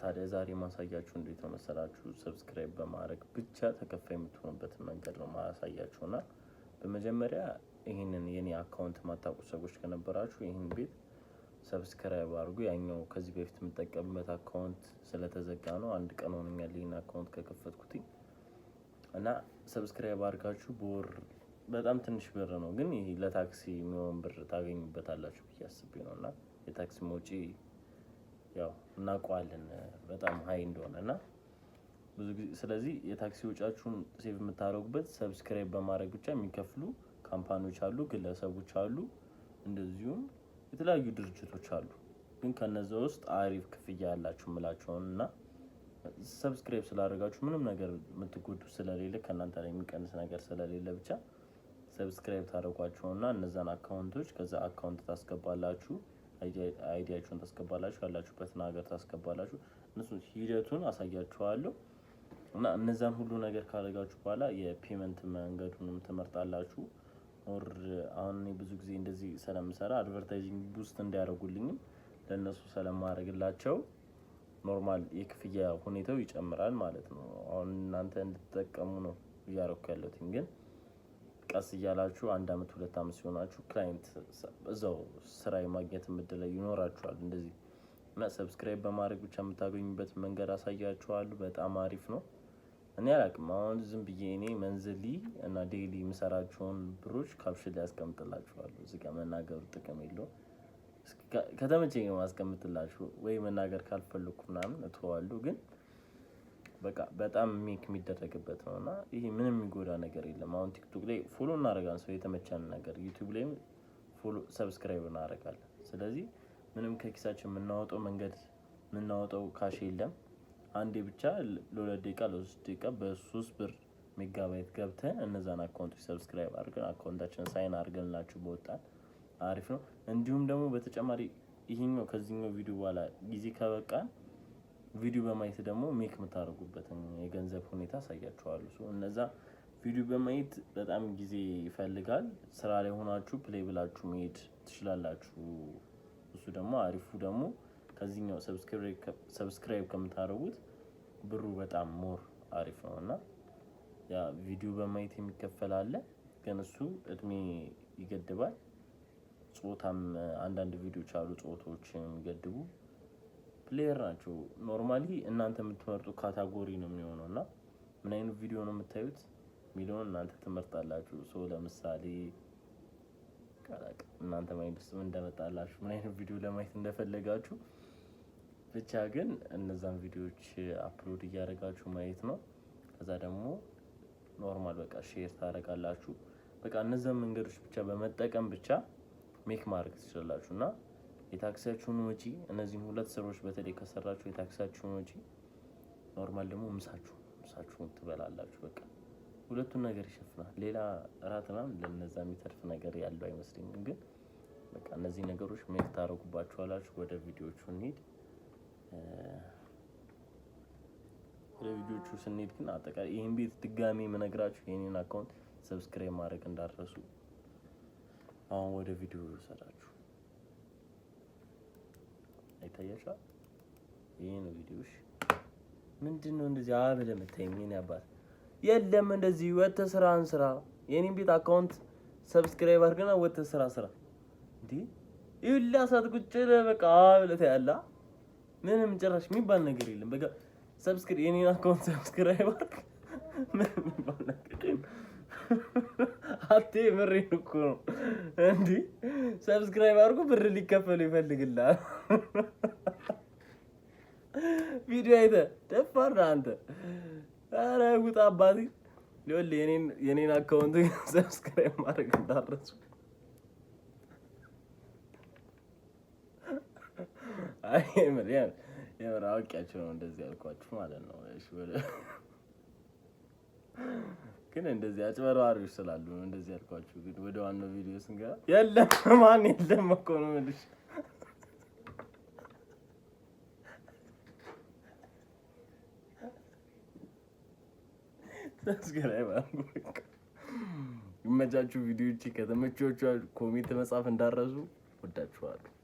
ታዲያ ዛሬ ማሳያችሁ እንዴት ነው መሰላችሁ፣ ሰብስክራይብ በማድረግ ብቻ ተከፋይ የምትሆኑበትን መንገድ ነው ማሳያችሁና በመጀመሪያ ይህንን የኔ አካውንት ማታውቁ ሰዎች ከነበራችሁ ይህን ቤት ሰብስክራይብ አድርጉ። ያኛው ከዚህ በፊት የምጠቀምበት አካውንት ስለተዘጋ ነው። አንድ ቀን ሆኖኛል ይህን አካውንት ከከፈትኩትኝ እና ሰብስክራይብ አድርጋችሁ በወር በጣም ትንሽ ብር ነው፣ ግን ይህ ለታክሲ የሚሆን ብር ታገኙበታላችሁ ብዬ አስቤ ነው እና የታክሲ መውጪ ያው እናውቀዋለን በጣም ሀይ እንደሆነ እና ብዙ ጊዜ ስለዚህ የታክሲ ወጫችሁን ሴቭ የምታደርጉበት ሰብስክራይብ በማድረግ ብቻ የሚከፍሉ ካምፓኒዎች አሉ፣ ግለሰቦች አሉ፣ እንደዚሁም የተለያዩ ድርጅቶች አሉ። ግን ከነዚ ውስጥ አሪፍ ክፍያ ያላችሁ ምላቸውን እና ሰብስክራይብ ስላደረጋችሁ ምንም ነገር የምትጎዱ ስለሌለ ከእናንተ ላይ የሚቀንስ ነገር ስለሌለ ብቻ ሰብስክራይብ ታደርጓቸውና እነዛን አካውንቶች ከዛ አካውንት ታስገባላችሁ። አይዲያችሁን ታስገባላችሁ፣ ያላችሁበትን ሀገር ታስገባላችሁ። እነሱ ሂደቱን አሳያችኋለሁ እና እነዛን ሁሉ ነገር ካደረጋችሁ በኋላ የፔመንት መንገዱንም ትመርጣላችሁ። ኦር አሁን ብዙ ጊዜ እንደዚህ ስለምሰራ አድቨርታይዚንግ ቡስት እንዲያደርጉልኝም ለእነሱ ስለማድረግላቸው ኖርማል የክፍያ ሁኔታው ይጨምራል ማለት ነው። አሁን እናንተ እንድትጠቀሙ ነው እያደረኩ ያለሁት ግን ቀስ እያላችሁ አንድ አመት ሁለት አመት ሲሆናችሁ ክላይንት እዛው ስራ የማግኘት እድል ይኖራችኋል። እንደዚህ እና ሰብስክራይብ በማድረግ ብቻ የምታገኙበት መንገድ አሳያችኋለሁ። በጣም አሪፍ ነው። እኔ አላቅም። አሁን ዝም ብዬ እኔ መንዝሊ እና ዴይሊ የምሰራቸውን ብሮች ካፕሽን ላይ ያስቀምጥላችኋሉ። እዚ ጋር መናገሩ ጥቅም የለው። ከተመቸኝ ማስቀምጥላችሁ ወይ መናገር ካልፈለግኩ ምናምን እተዋለሁ ግን በቃ በጣም ሜክ የሚደረግበት ነው እና ይሄ ምንም የሚጎዳ ነገር የለም። አሁን ቲክቶክ ላይ ፎሎ እናደርጋለን ሰው የተመቻን ነገር፣ ዩቲዩብ ላይም ፎሎ ሰብስክራይብ እናደርጋለን። ስለዚህ ምንም ከኪሳችን የምናወጠው መንገድ የምናወጠው ካሽ የለም። አንዴ ብቻ ለሁለት ደቂቃ ለሶስት ደቂቃ በሶስት ብር ሜጋባይት ገብተን እነዛን አካውንቶች ሰብስክራይብ አድርገን አካውንታችን ሳይን አድርገንላችሁ በወጣን አሪፍ ነው። እንዲሁም ደግሞ በተጨማሪ ይህኛው ከዚህኛው ቪዲዮ በኋላ ጊዜ ከበቃን ቪዲዮ በማየት ደግሞ ሜክ የምታደርጉበትን የገንዘብ ሁኔታ አሳያችኋለሁ። እነዛ ቪዲዮ በማየት በጣም ጊዜ ይፈልጋል። ስራ ላይ ሆናችሁ ፕሌይ ብላችሁ መሄድ ትችላላችሁ። እሱ ደግሞ አሪፉ ደግሞ ከዚህኛው ሰብስክራይብ ከምታደርጉት ብሩ በጣም ሞር አሪፍ ነው እና ያ ቪዲዮ በማየት የሚከፈል አለ፣ ግን እሱ እድሜ ይገድባል። ጾታም አንዳንድ ቪዲዮዎች አሉ ጾቶች የሚገድቡ ፕሌየር ናቸው። ኖርማሊ እናንተ የምትመርጡ ካታጎሪ ነው የሚሆነው እና ምን አይነት ቪዲዮ ነው የምታዩት የሚለውን እናንተ ትመርጣላችሁ። ሶ ለምሳሌ እናንተ ማይንድ ውስጥ ምን እንደመጣላችሁ ምን አይነት ቪዲዮ ለማየት እንደፈለጋችሁ ብቻ ግን እነዛን ቪዲዮዎች አፕሎድ እያደረጋችሁ ማየት ነው። ከዛ ደግሞ ኖርማል በቃ ሼር ታደርጋላችሁ። በቃ እነዛን መንገዶች ብቻ በመጠቀም ብቻ ሜክ ማድረግ ትችላላችሁ እና የታክሲያችሁን ወጪ እነዚህ ሁለት ስራዎች በተለይ ከሰራችሁ የታክሲያችሁን ወጪ ኖርማል ደግሞ ምሳችሁ ምሳችሁን ትበላላችሁ። በቃ ሁለቱን ነገር ይሸፍናል። ሌላ እራት ምናምን ለነዛ የሚተርፍ ነገር ያለው አይመስለኝም። ግን በቃ እነዚህ ነገሮች ምን ታደረጉባችሁ አላችሁ። ወደ ቪዲዮቹ እንሂድ። ወደ ቪዲዮቹ ስንሄድ ግን አጠቃላይ ይህን ቤት ድጋሚ የምነግራችሁ ይህንን አካውንት ሰብስክራይብ ማድረግ እንዳረሱ። አሁን ወደ ቪዲዮ ይወሰዳችሁ። ይታያችኋል። ይሄ ነው ቪዲዮ። እሺ፣ ምንድን ነው እንደዚህ አብለህ የምታይኝ? ምን ያባት የለም፣ እንደዚህ ወተ ስራህን ስራ። የኔን ቤት አካውንት ሰብስክራይብ አድርገና ወተ ስራ ስራ። እንዴ ይላ ሰዓት ቁጭ ብለህ በቃ አብለህ ታያለህ። ምንም ጭራሽ የሚባል ነገር የለም። በቃ ሰብስክራይብ የኔን አካውንት ሰብስክራይብ አድርግ። ምንም የሚባል ነገር የለም። አቴ ምሪ እኮ ነው። እንዲህ ሰብስክራይብ አድርጎ ብር ሊከፈሉ ይፈልግላል። ቪዲዮ አይተ ደፋር አንተ። ኧረ ውጣ አባቴ። ሊሆን የኔን አካውንት ሰብስክራይብ ማድረግ እንዳረሱ የምር አውቄያቸው ነው እንደዚህ ያልኳችሁ ማለት ነው። ግን እንደዚህ አጭበርባሪዎች ስላሉ ነው እንደዚህ ያልኳችሁ። ግን ወደ ዋናው ቪዲዮ ስንገባ የለም ማን የለም እኮ ነው የምልሽ። ይመቻችሁ። ቪዲዮች ከተመቻችሁ ኮሜንት መጻፍ እንዳረሱ ወዳችኋለሁ።